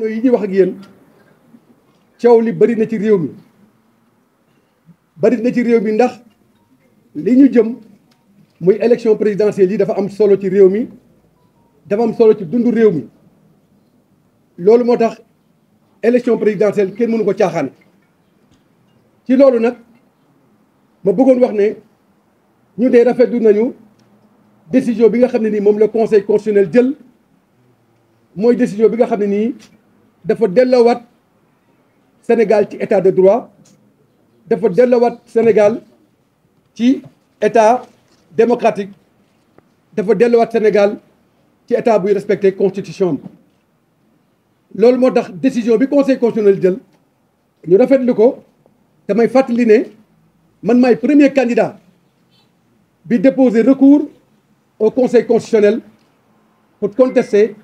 jamono yi ñuy wax ak yéen coow li bari na ci réew mi bari na ci réew mi ndax li ñu jëm muy élection présidentielle yi dafa am solo ci réew mi dafa am solo ci dundu réew mi loolu moo tax élection présidentielle kenn mënu ko caaxaan ci loolu nag ma bëggoon wax ne ñu dee rafetlu nañu décision bi nga xam ne nii moom la conseil constitutionnel jël mooy décision bi nga xam ne nii dafa dellowaat Sénégal ci état de droit dafa delloowaat Sénégal ci état démocratique dafa delloowaat Sénégal ci état buy respecté constitution loolu moo tax décision bi conseil constitutionnel jël ñu rafetlu ko damay fàttali ne man may premier candidat bi déposé recours au conseil constitutionnel pour contester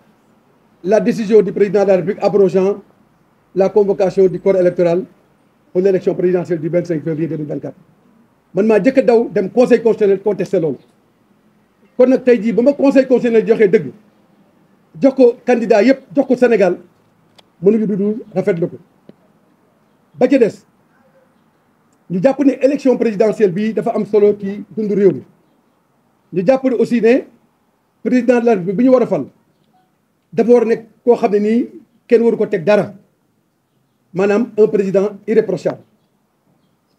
la décision du président de la République abrogeant la convocation du corps électoral pour l'élection présidentielle du 25 février 2024. man maa jëkk daw dem conseil constitutionnel contesté loolu kon nag tey jii ba ma conseil constitutionnel joxee dëgg jox ko candidat yëpp jox ko Sénégal mënuñu dudu rafetlu ko ba ci des ñu jàpp ne élection présidentielle bi dafa am solo ci dund réew mi ñu jàpp ne aussi ne président la République bi ñu war a fal dafa war a nekk koo xam ne nii kenn waru ko teg dara maanaam un président irréprochable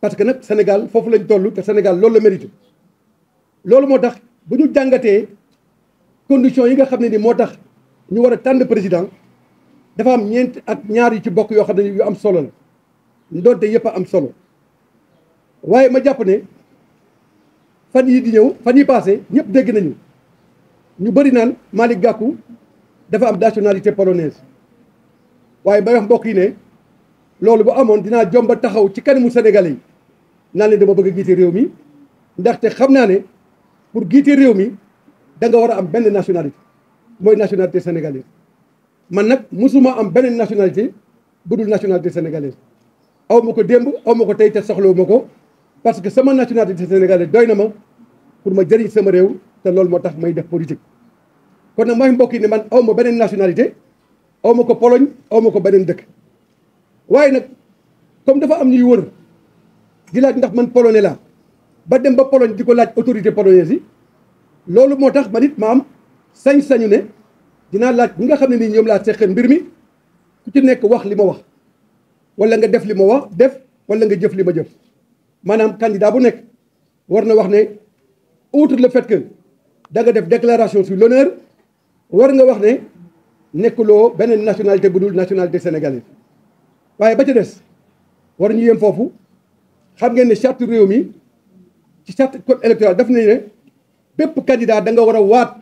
parce que nag Sénégal foofu lañ toll te Sénégal loolu la mérite loolu moo tax bu ñu jàngatee conditions yi nga xam ne ni moo tax ñu war a tànn président dafa am ñeent ak ñaar yu ci bokk yoo xam ne yu am solo la ndoonte yëpp am solo waaye ma jàpp ne fan yi di ñëw fan yi passé ñëpp dégg nañu ñu bëri naan Malick Gakou dafa am nationalité polonaise waaye ba wax mbokk yi ne loolu bu amoon dinaa jomba taxaw ci kanamu sénégalais yi naan leen dama bëgg a jiite réew mi ndaxte xam naa ne pour jiite réew mi da nga war a am benn nationalité mooy nationalité sénégalaise man nag mësuma am benn nationalité bu dul nationalité sénégalaise aw ko démb aw ma ko tey te soxlawu ma ko parce que sama nationalité sénégalaise doy na ma pour ma jëriñ sama réew te loolu moo tax may def politique kon nag maa ngi mbokk yi ne man aw beneen nationalité aw ma ko poloñ aw ma ko beneen dëkk waaye nag comme dafa am ñuy wër di laaj ndax man polonais la ba dem ba poloñ di ko laaj autorité polonaise yi loolu moo tax man it ma am sañ-sañu ne dinaa laaj ñi nga xam ne nii ñoom laa seqal mbir mi ku ci nekk wax li ma wax wala nga def li ma wax def wala nga jëf li ma jëf maanaam candidat bu nekk war na wax ne outre le fait que da nga def déclaration si l'honneur war nga wax ne nekkuloo beneen nationalité bu dul nationalité sénégalaise waaye ba ca des war ñu yem foofu xam ngeen ne charte réew mi ci charte code électoral daf nañ ne bépp candidat da nga war a waat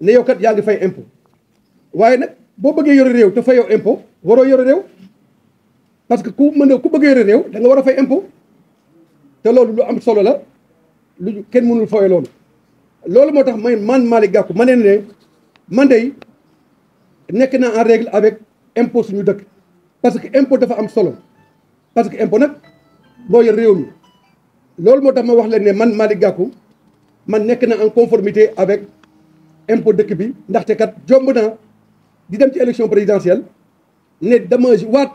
ne yow kat yaa ngi fay impo waaye nag boo bëggee yore réew te fayoo impo waroo yore réew parce que ku mën a ku bëggee yore réew da nga war a fay impôt te loolu lu am solo la lu kenn mënul fooye loolu loolu moo tax may man Malick Gakou ma ne ne man de nekk naa en règle avec impôt suñu dëkk parce que impôt dafa am solo parce que impôt nag moo yor réew mi loolu moo tax ma wax leen ne man Malick gàkku man nekk na en conformité avec impôt dëkk bi ndaxte kat jomb naa di dem ci élection présidentielle ne dama waat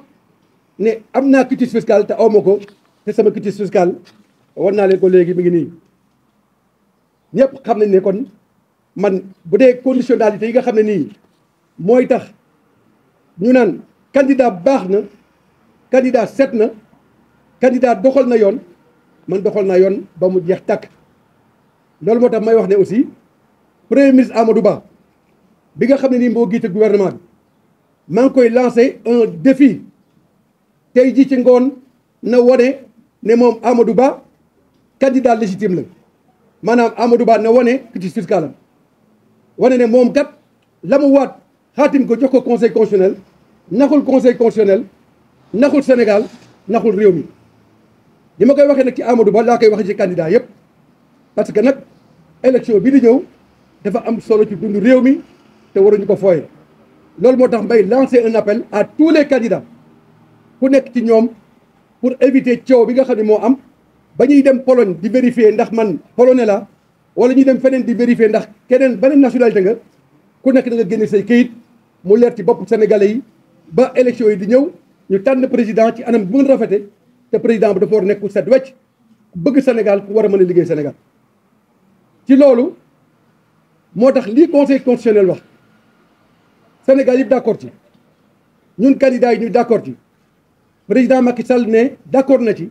ne am naa quitus fiscal te aw ma ko te sama quitus fiscal war naa leen ko léegi mi ngi nii ñëpp xam nañ ne kon man bu dee conditionnalité yi nga xam ne nii mooy tax ñu naan candidat baax na candidat set na candidat doxal na yoon man doxal naa yoon ba mu jeex tàkk loolu moo tax may wax ne aussi premier ministre Amadou Ba bi nga xam ne nii moo giite gouvernement bi maa ngi koy lancé un défi tey ji ci ngoon na wone ne moom Amadou Ba candidat légitime la maanaam Amadou Ba na wone ci fiskalam wane ne moom kat la mu waat xaatim ko jox ko conseil constitutionnel naxul conseil constitutionnel naxul Sénégal naxul réew mi li ma koy waxee nag ci Amadou Ba laa koy waxee ci candidat yëpp parce que nag élection bi di ñëw dafa am solo ci dundu réew mi te waruñu ko fooy loolu moo tax mbay lancer un appel à tous les candidats ku nekk ci ñoom pour éviter coow bi nga xam ne moo am ba ñuy dem Pologne di vérifier ndax man polonais la wala ñu dem feneen di vérifier ndax keneen beneen nationalité nga ku nekk da nga génne say kayit mu leer ci bopp sénégalais yi ba élection yi di ñëw ñu tànn président ci anam bu ngeen rafete te président bi dafa war nekk ku wecc ku bëgg Sénégal ku war a mën a liggéey Sénégal ci loolu moo tax lii conseil constitutionnel wax Sénégal yëpp d'accord ci ñun candidats yi ñu d'accord ci président Macky Sall ne d'accord na ci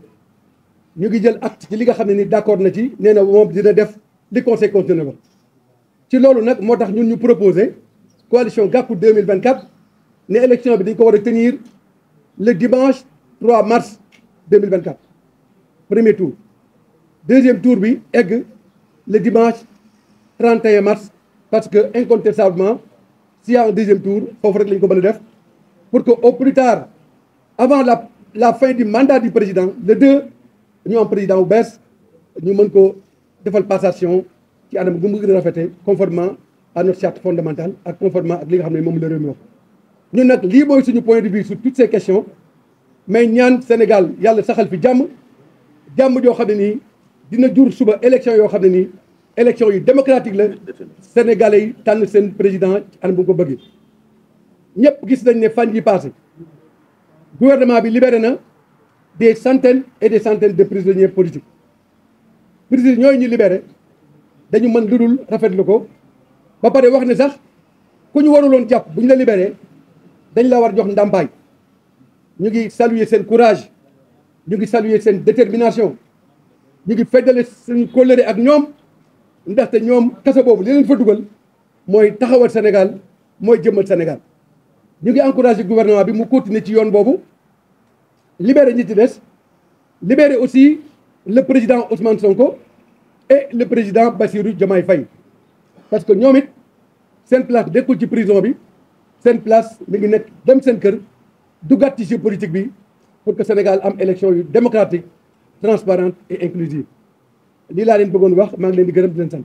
ñu ngi jël acte ci li nga xam ne ni d'accord na ci nee na moom dina def di conseil constitutionnel ci loolu nag moo tax ñun ñu proposé coalition Gakou 2024 ne élection bi dañ ko war a tenir le dimanche 3 mars 2024 premier tour deuxième tour bi egg le dimanche 31 mars parce que incontestablement s'il y a un deuxième tour foofu rek la ko mën a def pour que au plus tard avant la la fin du mandat du président le 2 ñu am président bu bes ñu mën ko defal passation ci anam gu mu gën a rafetee conformément à notre charte fondamentale ak conformément ak li nga xam ne moom la réew mi wax ñun nag lii mooy suñu point de vue sur toutes ces questions mais ñaan Sénégal yàlla saxal fi jàmm jàmm joo xam ne nii dina jur suba élection yoo xam ne nii élection yu démocratique la Sénégalais yi tànn seen président ci anam bu ko bëggee ñëpp gis nañ ne fan yi passé gouvernement bi libéré na des centaines et des centaines de prisonniers brigide ñooy ñu libéré dañu mën lu dul rafetlu ko ba pare wax ne sax ku ñu waruloon jàpp bu ñu la libéré dañ la war jox ndàmpaay ñu ngi saluer seen courage ñu ngi saluer seen détermination ñu ngi feddale seen kóllëre ak ñoom ndaxte ñoom kaso boobu li leen fa dugal mooy taxawal Sénégal mooy jëmmal Sénégal ñu ngi encouragé gouvernement bi mu continuer ci yoon boobu libéré ñi des libéré aussi le président Ousmane Sonko et le président Bassirou Diomaye fay parce que ñoom it seen place dekkul ci prison bi seen place mi ngi nekk dem seen kër duggaat ci politique bi pour que Sénégal am élection yu démocratique transparente et inclusive lii laa leen bëggoon wax maa ngi leen di gërëm di leen sant